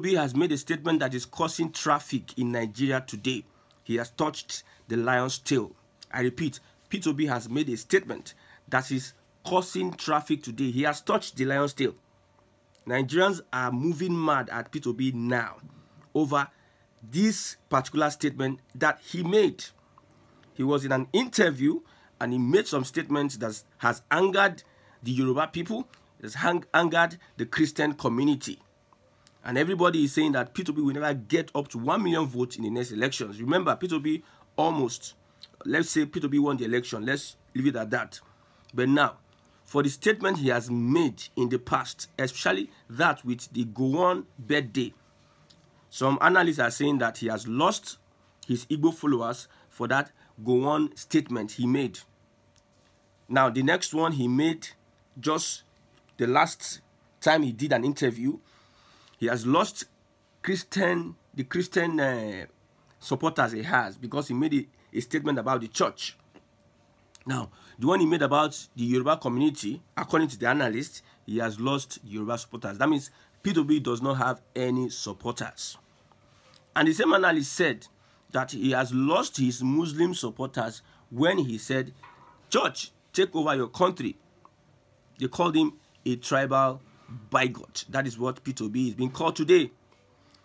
P2B has made a statement that is causing traffic in Nigeria today. He has touched the lion's tail. I repeat, P2B has made a statement that is causing traffic today. He has touched the lion's tail. Nigerians are moving mad at P2B now over this particular statement that he made. He was in an interview and he made some statements that has angered the Yoruba people, has angered the Christian community. And everybody is saying that P2P will never get up to 1 million votes in the next elections. Remember, P2P almost, let's say P2P won the election. Let's leave it at that. But now, for the statement he has made in the past, especially that with the Gowon birthday, some analysts are saying that he has lost his Igbo followers for that Gowon statement he made. Now, the next one he made just the last time he did an interview he has lost Christian the Christian uh, supporters he has because he made a, a statement about the church. Now, the one he made about the Yoruba community, according to the analyst, he has lost Yoruba supporters. That means P2B does not have any supporters. And the same analyst said that he has lost his Muslim supporters when he said, Church, take over your country. They called him a tribal by God. That is what P2B is being called today.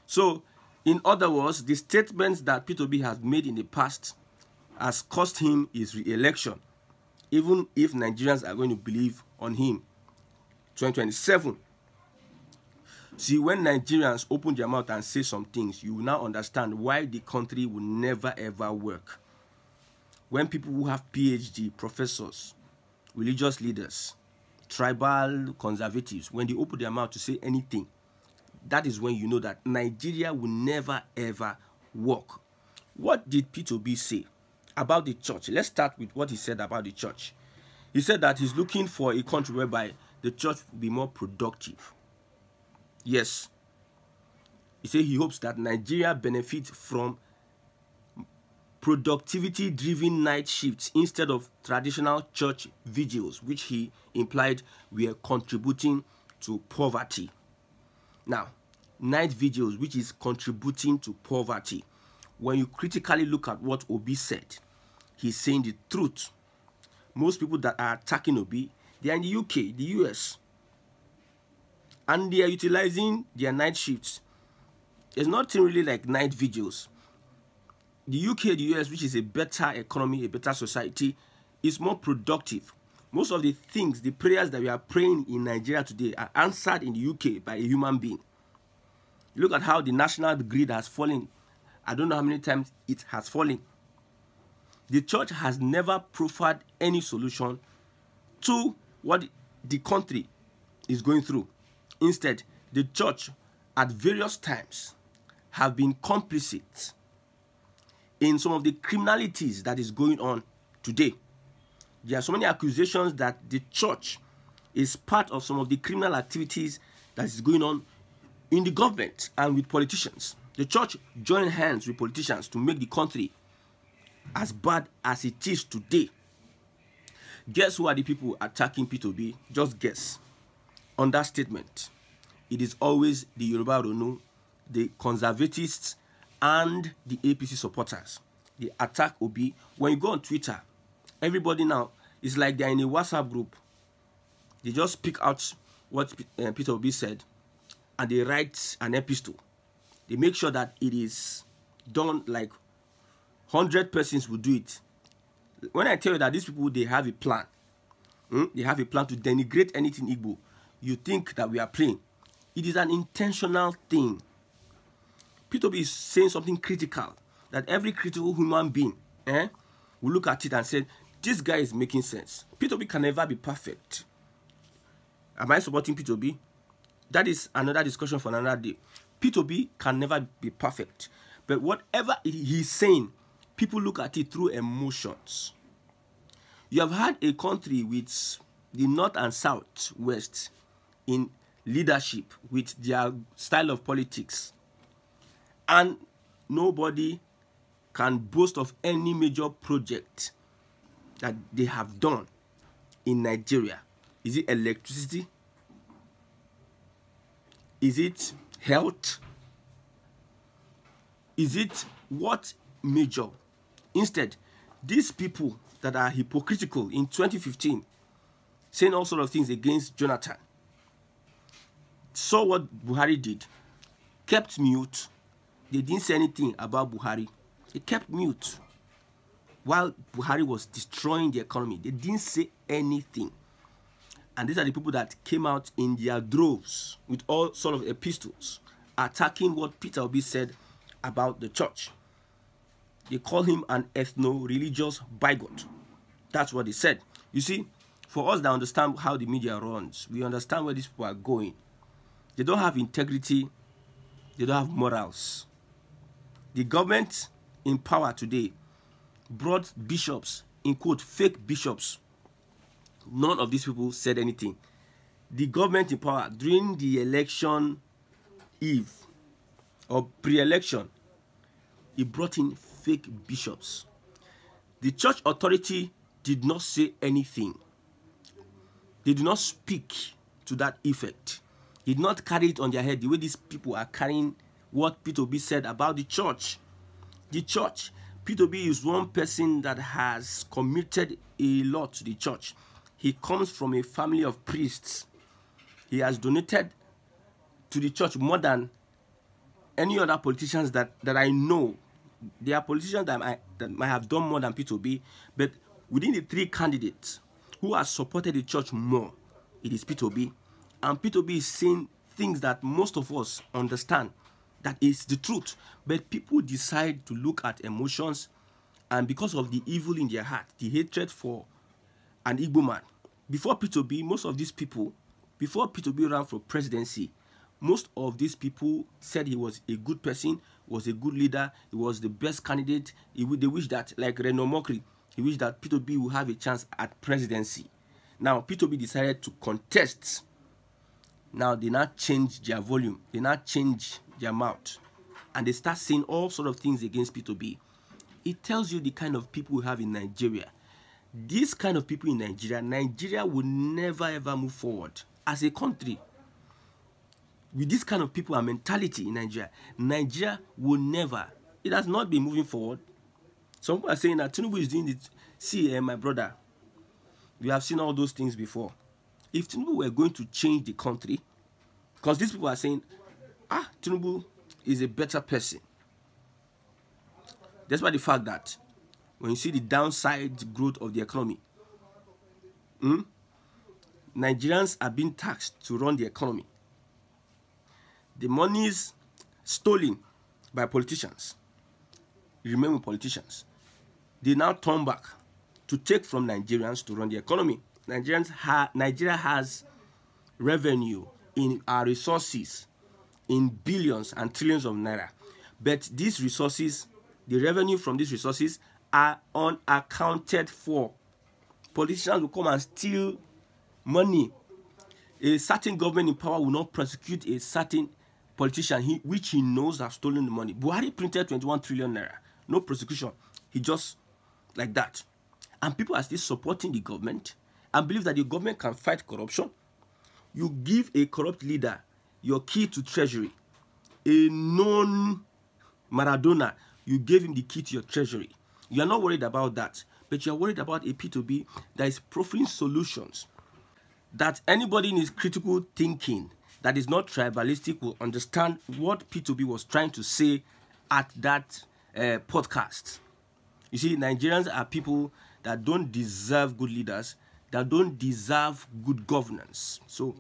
So, in other words, the statements that P2B has made in the past has cost him his re-election, even if Nigerians are going to believe on him. 2027. See, when Nigerians open their mouth and say some things, you will now understand why the country will never ever work. When people who have PhD, professors, religious leaders, tribal conservatives, when they open their mouth to say anything, that is when you know that Nigeria will never ever work. What did P2B say about the church? Let's start with what he said about the church. He said that he's looking for a country whereby the church will be more productive. Yes. He said he hopes that Nigeria benefits from productivity driven night shifts instead of traditional church vigils, which he implied were contributing to poverty. Now, night vigils, which is contributing to poverty, when you critically look at what Obi said, he's saying the truth. Most people that are attacking Obi, they are in the UK, the US, and they are utilizing their night shifts. There's nothing really like night vigils the UK, the US, which is a better economy, a better society, is more productive. Most of the things, the prayers that we are praying in Nigeria today are answered in the UK by a human being. Look at how the national grid has fallen. I don't know how many times it has fallen. The church has never proffered any solution to what the country is going through. Instead, the church at various times have been complicit in some of the criminalities that is going on today. There are so many accusations that the church is part of some of the criminal activities that is going on in the government and with politicians. The church joined hands with politicians to make the country as bad as it is today. Guess who are the people attacking P2B? Just guess. Understatement. It is always the Yoruba Ronu, the conservatists, and the APC supporters. the attack will be When you go on Twitter, everybody now is like they're in a WhatsApp group. They just pick out what uh, Peter Obi said and they write an epistle. They make sure that it is done like 100 persons will do it. When I tell you that these people, they have a plan. Hmm, they have a plan to denigrate anything Igbo. You think that we are playing. It is an intentional thing. P2B is saying something critical that every critical human being eh, will look at it and say, this guy is making sense. P2B can never be perfect. Am I supporting P2B? That is another discussion for another day. P2B can never be perfect. But whatever he's saying, people look at it through emotions. You have had a country with the North and South West in leadership with their style of politics and nobody can boast of any major project that they have done in Nigeria. Is it electricity? Is it health? Is it what major? Instead, these people that are hypocritical in 2015, saying all sort of things against Jonathan, saw what Buhari did, kept mute, they didn't say anything about Buhari. They kept mute while Buhari was destroying the economy. They didn't say anything. And these are the people that came out in their droves with all sort of epistles attacking what Peter Obi said about the church. They call him an ethno-religious bigot. That's what they said. You see, for us that understand how the media runs, we understand where these people are going. They don't have integrity. They don't have morals. The government in power today brought bishops, in quote, fake bishops. None of these people said anything. The government in power during the election eve or pre-election, he brought in fake bishops. The church authority did not say anything. They did not speak to that effect. They did not carry it on their head the way these people are carrying what P2B said about the church. The church, P2B is one person that has committed a lot to the church. He comes from a family of priests. He has donated to the church more than any other politicians that, that I know. There are politicians that, I, that might have done more than P2B, but within the three candidates who has supported the church more, it is P2B. And P2B is saying things that most of us understand that is the truth. But people decide to look at emotions, and because of the evil in their heart, the hatred for an Igbo man. Before P2B, most of these people, before P2B ran for presidency, most of these people said he was a good person, was a good leader, he was the best candidate. they wish that, like Renaud Mokri, he wished that P2B would have a chance at presidency. Now, P2B decided to contest. Now, they now change their volume. They now change their mouth and they start saying all sort of things against P2B, it tells you the kind of people we have in Nigeria. These kind of people in Nigeria, Nigeria will never ever move forward as a country. With this kind of people and mentality in Nigeria, Nigeria will never, it has not been moving forward. Some people are saying that Tinubu is doing it. See, my brother, we have seen all those things before. If Tinubu were going to change the country, because these people are saying ah, Tinubu is a better person. Despite the fact that when you see the downside growth of the economy, hmm, Nigerians are being taxed to run the economy. The monies stolen by politicians remain with politicians. They now turn back to take from Nigerians to run the economy. Nigerians ha Nigeria has revenue in our resources in billions and trillions of naira. But these resources, the revenue from these resources, are unaccounted for. Politicians will come and steal money. A certain government in power will not prosecute a certain politician he, which he knows have stolen the money. Buhari printed 21 trillion naira. No prosecution. He just like that. And people are still supporting the government and believe that the government can fight corruption. You give a corrupt leader your key to treasury. A known Maradona, you gave him the key to your treasury. You are not worried about that, but you are worried about a P2B that is profiling solutions that anybody in his critical thinking that is not tribalistic will understand what P2B was trying to say at that uh, podcast. You see, Nigerians are people that don't deserve good leaders, that don't deserve good governance. So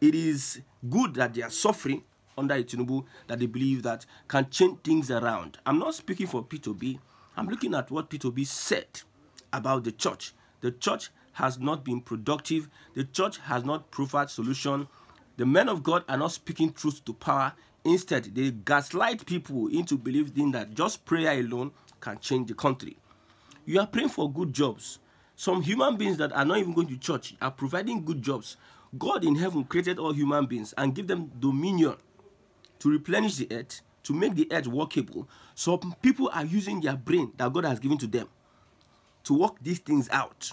it is good that they are suffering under Itinubu that they believe that can change things around. I'm not speaking for P2B. I'm looking at what P2B said about the church. The church has not been productive. The church has not proffered solution. The men of God are not speaking truth to power. Instead, they gaslight people into believing that just prayer alone can change the country. You are praying for good jobs. Some human beings that are not even going to church are providing good jobs God in heaven created all human beings and gave them dominion to replenish the earth, to make the earth workable. So people are using their brain that God has given to them to work these things out.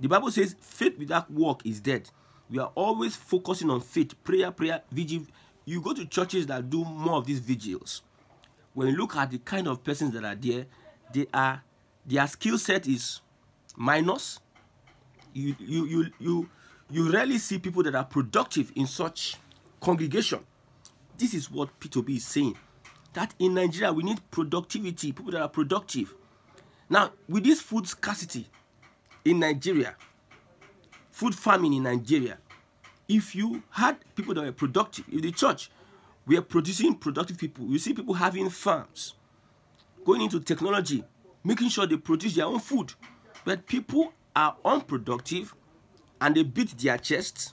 The Bible says faith without work is dead. We are always focusing on faith, prayer, prayer, vigil. You go to churches that do more of these vigils. When you look at the kind of persons that are there, they are their skill set is minus. You you you you you rarely see people that are productive in such congregation. This is what P2B is saying. That in Nigeria, we need productivity, people that are productive. Now, with this food scarcity in Nigeria, food famine in Nigeria, if you had people that were productive, if the church were producing productive people, you see people having farms, going into technology, making sure they produce their own food, but people are unproductive and they beat their chests,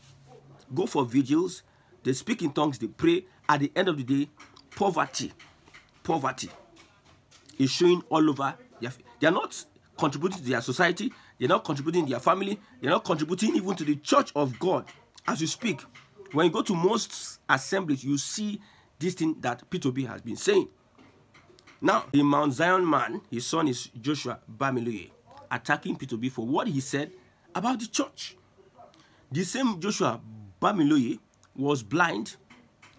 go for vigils, they speak in tongues, they pray. At the end of the day, poverty, poverty is showing all over. They are not contributing to their society, they're not contributing to their family, they're not contributing even to the church of God. As you speak, when you go to most assemblies, you see this thing that p b has been saying. Now, the Mount Zion man, his son is Joshua Bamiloye, attacking p b for what he said about the church. The same Joshua Bamiloye was blind,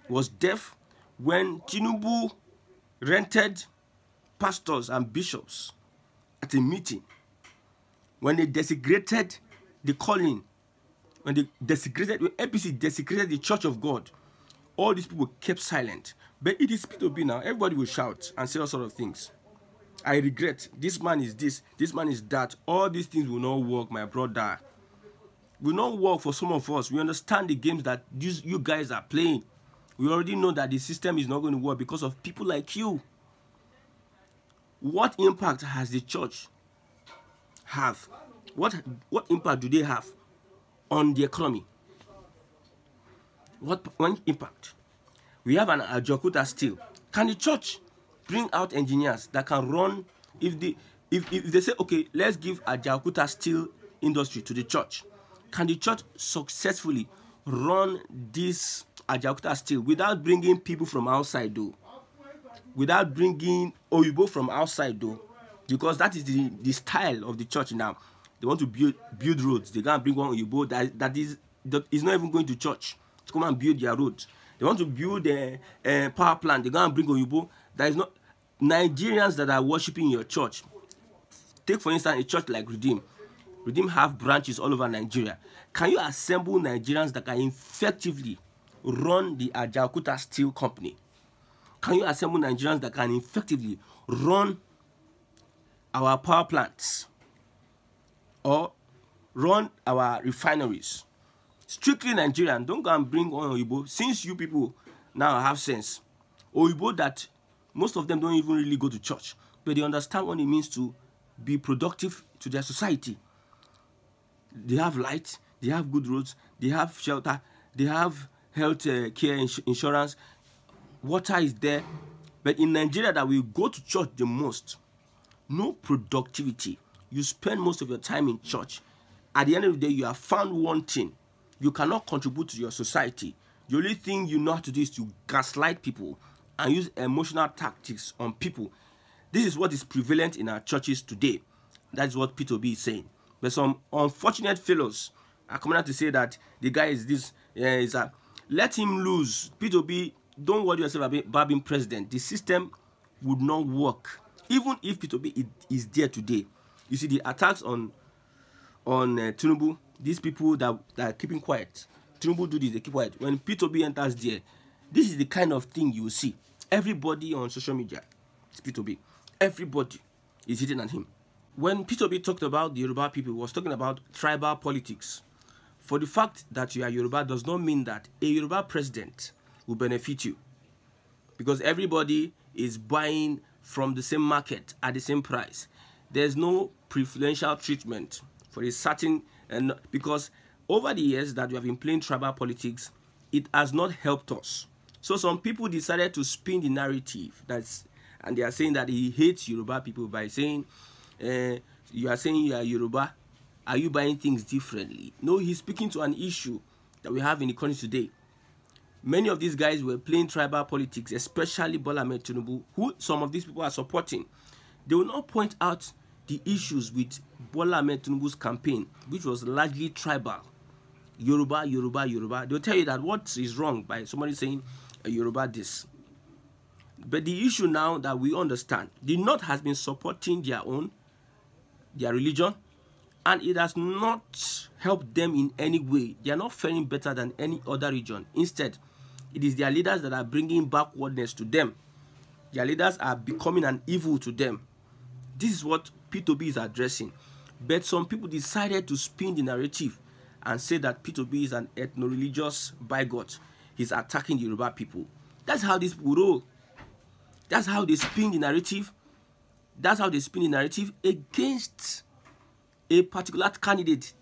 was deaf when Tinubu rented pastors and bishops at a meeting when they desecrated the calling when they desecrated when APC desecrated the church of God all these people kept silent but it is P2P now everybody will shout and say all sort of things I regret this man is this this man is that all these things will not work my brother will not work for some of us. We understand the games that these, you guys are playing. We already know that the system is not going to work because of people like you. What impact has the church have? What, what impact do they have on the economy? What, what impact? We have an Ajokuta still. Can the church bring out engineers that can run if the if, if they say okay let's give Ajokuta steel industry to the church Can the church successfully run this Ajaokuta still without bringing people from outside though? Without bringing Oyibo from outside though? Because that is the, the style of the church now. They want to build, build roads. They can't bring one Oyibo that, that, is, that is not even going to church to come and build their roads. They want to build a, a power plant. They go and bring Oyibo. That is not Nigerians that are worshiping your church. Take for instance a church like Redeem. Redeem have branches all over Nigeria. Can you assemble Nigerians that can effectively run the Ajakuta Steel Company? Can you assemble Nigerians that can effectively run our power plants or run our refineries? Strictly Nigerian, don't go and bring on Oyibo. Since you people now have sense, Oyibo that most of them don't even really go to church, but they understand what it means to be productive to their society. they have light, they have good roads, they have shelter, they have health uh, care ins insurance, water is there. But in Nigeria, that we go to church the most, no productivity. You spend most of your time in church. At the end of the day, you have found one thing. You cannot contribute to your society. The only thing you know how to do is to gaslight people and use emotional tactics on people. This is what is prevalent in our churches today. That's what P2B is saying. but some unfortunate fellows are coming out to say that the guy is this uh, is that let him lose p2b don't worry yourself about being president the system would not work even if p2b is there today you see the attacks on on uh, tinubu these people that, that are keeping quiet tinubu do this they keep quiet when p2b enters there this is the kind of thing you see everybody on social media is p2b everybody is hitting at him when Peter B talked about the Yoruba people, he was talking about tribal politics. For the fact that you are Yoruba does not mean that a Yoruba president will benefit you. Because everybody is buying from the same market at the same price. There's no preferential treatment for a certain, and because over the years that we have been playing tribal politics, it has not helped us. So some people decided to spin the narrative that's, and they are saying that he hates Yoruba people by saying uh, you are saying you are Yoruba. Are you buying things differently? No, he's speaking to an issue that we have in the country today. Many of these guys were playing tribal politics, especially Bola Tinubu, who some of these people are supporting. They will not point out the issues with Bola Tinubu's campaign, which was largely tribal. Yoruba, Yoruba, Yoruba. They'll tell you that what is wrong by somebody saying uh, Yoruba this. But the issue now that we understand, the North has been supporting their own their religion, and it has not helped them in any way. They are not faring better than any other region. Instead, it is their leaders that are bringing backwardness to them. Their leaders are becoming an evil to them. This is what P2B is addressing. But some people decided to spin the narrative and say that P2B is an ethno-religious bigot. He's attacking the Yoruba people. That's how these people roll. That's how they spin the narrative That's how they spin the narrative against a particular candidate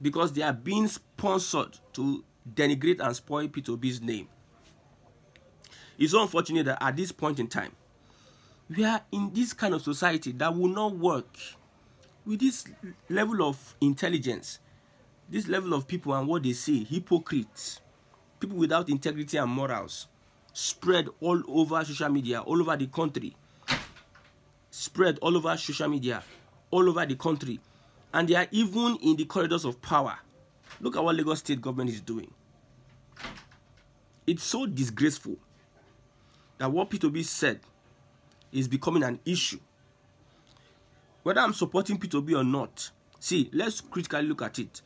because they are being sponsored to denigrate and spoil Peter 2 bs name. It's so unfortunate that at this point in time, we are in this kind of society that will not work with this level of intelligence, this level of people and what they say, hypocrites, people without integrity and morals, spread all over social media, all over the country spread all over social media, all over the country, and they are even in the corridors of power. Look at what Lagos state government is doing. It's so disgraceful that what P2B said is becoming an issue. Whether I'm supporting P2B or not, see, let's critically look at it.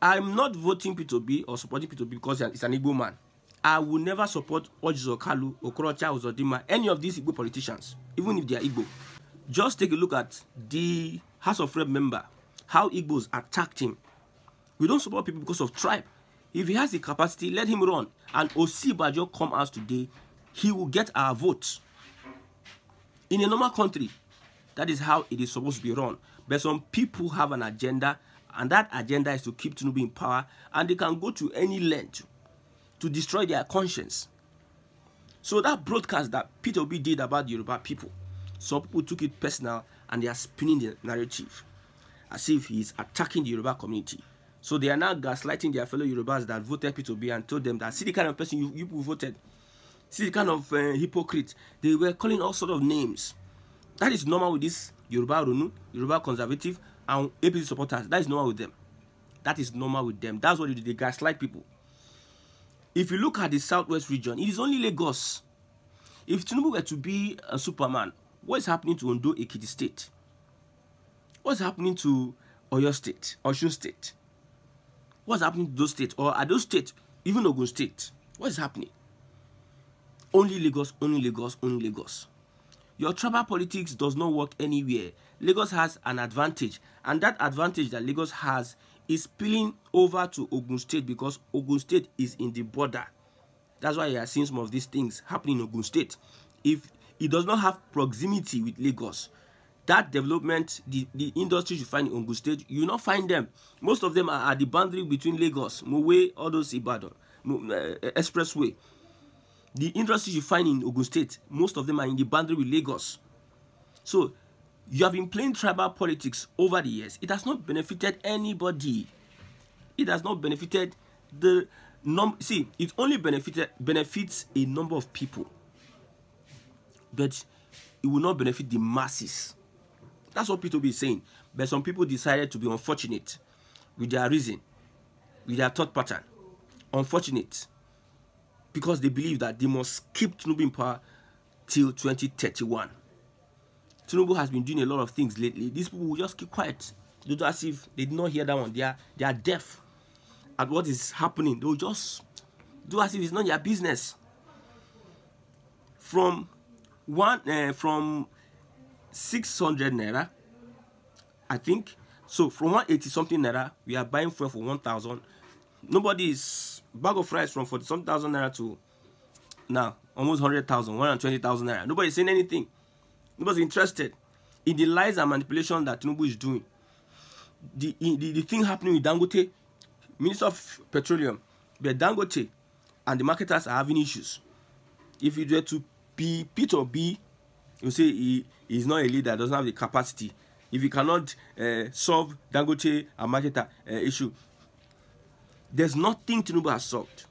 I'm not voting P2B or supporting P2B because he's an Igbo man. I will never support Ojizo Kalu, Okorocha Uzodima, any of these Igbo politicians, even if they are Igbo. just take a look at the House of Rep member, how Igbos attacked him. We don't support people because of tribe. If he has the capacity, let him run. And Osibajo come out today, he will get our votes. In a normal country, that is how it is supposed to be run. But some people have an agenda, and that agenda is to keep Tinubu in power, and they can go to any length to destroy their conscience. So that broadcast that Peter B did about the Yoruba people, some people took it personal and they are spinning the narrative as if he is attacking the Yoruba community. So they are now gaslighting their fellow Yorubas that voted P2B and told them that see the kind of person you, you voted, see the kind of uh, hypocrite. They were calling all sort of names. That is normal with this Yoruba Runu, Yoruba conservative, and APC supporters. That is normal with them. That is normal with them. That's what they do. They gaslight people. If you look at the southwest region, it is only Lagos. If Tinubu were to be a superman, What is happening to Ondo Ekiti State? What's happening to Oyo State, Osun State? What's happening to those states? Or are those states, even Ogun State? What is happening? Only Lagos, only Lagos, only Lagos. Your tribal politics does not work anywhere. Lagos has an advantage, and that advantage that Lagos has is spilling over to Ogun State because Ogun State is in the border. That's why you are seeing some of these things happening in Ogun State. If it does not have proximity with Lagos. That development, the, the industries you find in Ogun State, you will not find them. Most of them are at the boundary between Lagos, Mowe, all those Ibadan, eh, eh, Expressway. The industries you find in Ogun State, most of them are in the boundary with Lagos. So, you have been playing tribal politics over the years. It has not benefited anybody. It has not benefited the num. See, it only benefited benefits a number of people. but it will not benefit the masses. That's what p be saying. But some people decided to be unfortunate with their reason, with their thought pattern. Unfortunate. Because they believe that they must keep Tinubu in power till 2031. Tinubu has been doing a lot of things lately. These people will just keep quiet. They do as if they did not hear that one. They are, they are deaf at what is happening. They will just do as if it's not their business. From one uh, from 600 naira i think so from 180 something naira we are buying fuel for 1000 nobody is bag of rice from 40 some thousand naira to now almost 100,000 120,000 naira nobody saying anything Nobody's interested in the lies and manipulation that tinubu is doing the, the the thing happening with dangote minister of petroleum but dangote and the marketers are having issues if you were to P, P B, you say he is not a leader, doesn't have the capacity. If he cannot uh, solve Dangote and Maketa uh, eh, issue, there's nothing Tinubu has solved.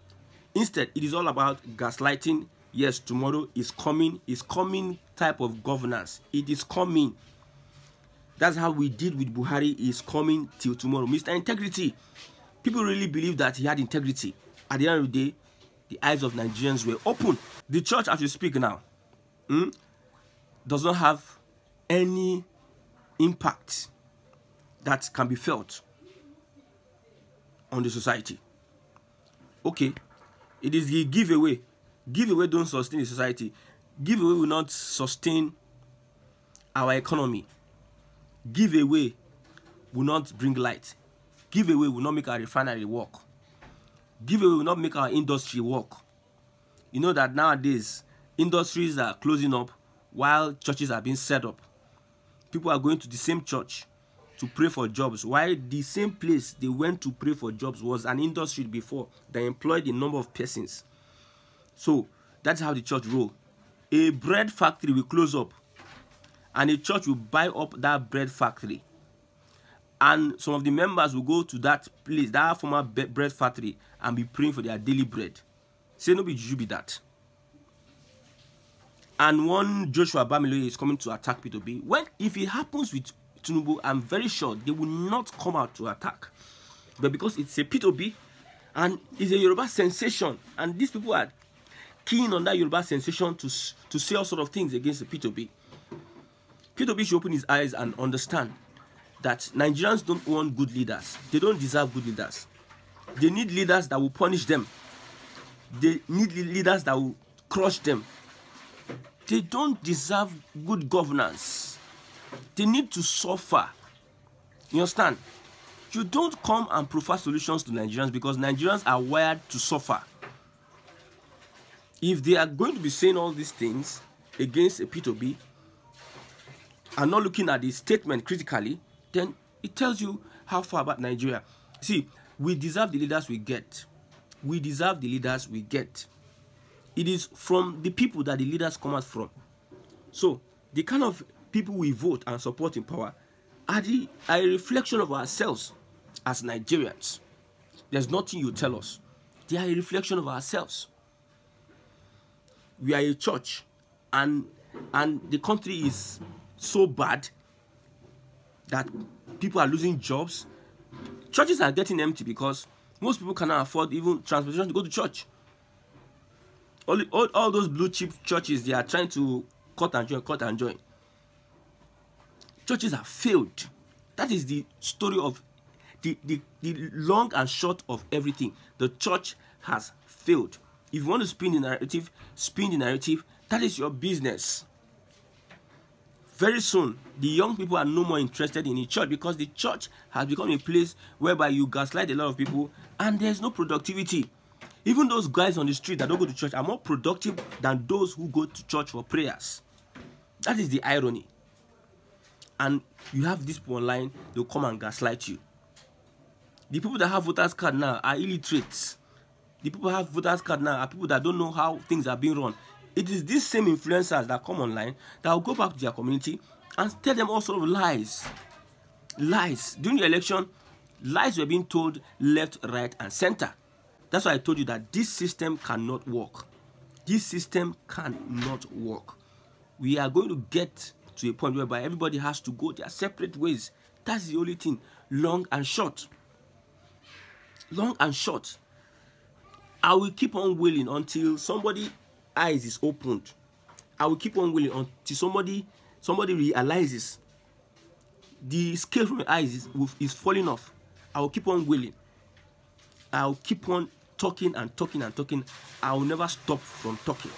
Instead, it is all about gaslighting. Yes, tomorrow is coming. Is coming type of governance. It is coming. That's how we did with Buhari. Is coming till tomorrow. Mr. Integrity. People really believe that he had integrity. At the end of the day, the eyes of Nigerians were open. The church, as we speak now, hmm, does not have any impact that can be felt on the society. Okay, it is the giveaway. Giveaway don't sustain the society. Giveaway will not sustain our economy. Giveaway will not bring light. Giveaway will not make our refinery work giveaway will not make our industry work. You know that nowadays, industries are closing up while churches are being set up. People are going to the same church to pray for jobs. Why the same place they went to pray for jobs was an industry before that employed a number of persons. So that's how the church rule. A bread factory will close up, and a church will buy up that bread factory and some of the members will go to that place that former bread factory and be praying for their daily bread say no be juju be that and one joshua bamiloye is coming to attack peter obi when if it happens with tinubu i'm very sure they will not come out to attack but because it's a peter obi and it's a yoruba sensation and these people are keen on that yoruba sensation to to say all sort of things against the peter obi peter obi should open his eyes and understand that Nigerians don't want good leaders. They don't deserve good leaders. They need leaders that will punish them. They need leaders that will crush them. They don't deserve good governance. They need to suffer. You understand? You don't come and prefer solutions to Nigerians because Nigerians are wired to suffer. If they are going to be saying all these things against a P2B, and not looking at the statement critically then it tells you how far about Nigeria. See, we deserve the leaders we get. We deserve the leaders we get. It is from the people that the leaders come out from. So, the kind of people we vote and support in power are, the, are a reflection of ourselves as Nigerians. There's nothing you tell us. They are a reflection of ourselves. We are a church and and the country is so bad that people are losing jobs. Churches are getting empty because most people cannot afford even transportation to go to church. All, all, all those blue chip churches, they are trying to cut and join, cut and join. Churches have failed. That is the story of the, the, the long and short of everything. The church has failed. If you want to spin the narrative, spin the narrative. That is your business. Very soon, the young people are no more interested in the church because the church has become a place whereby you gaslight a lot of people and there's no productivity. Even those guys on the street that don't go to church are more productive than those who go to church for prayers. That is the irony. And you have this people online, they'll come and gaslight you. The people that have voters card now are illiterates. The people that have voters card now are people that don't know how things are being run. It is these same influencers that come online that will go back to their community and tell them all sort of lies. Lies. During the election, lies were being told left, right, and center. That's why I told you that this system cannot work. This system cannot work. We are going to get to a point whereby everybody has to go their separate ways. That's the only thing, long and short. Long and short. I will keep on willing until somebody eyes is opened. I will keep on willing until somebody somebody realizes the scale from my eyes is, is falling off. I will keep on willing. I will keep on talking and talking and talking. I will never stop from talking.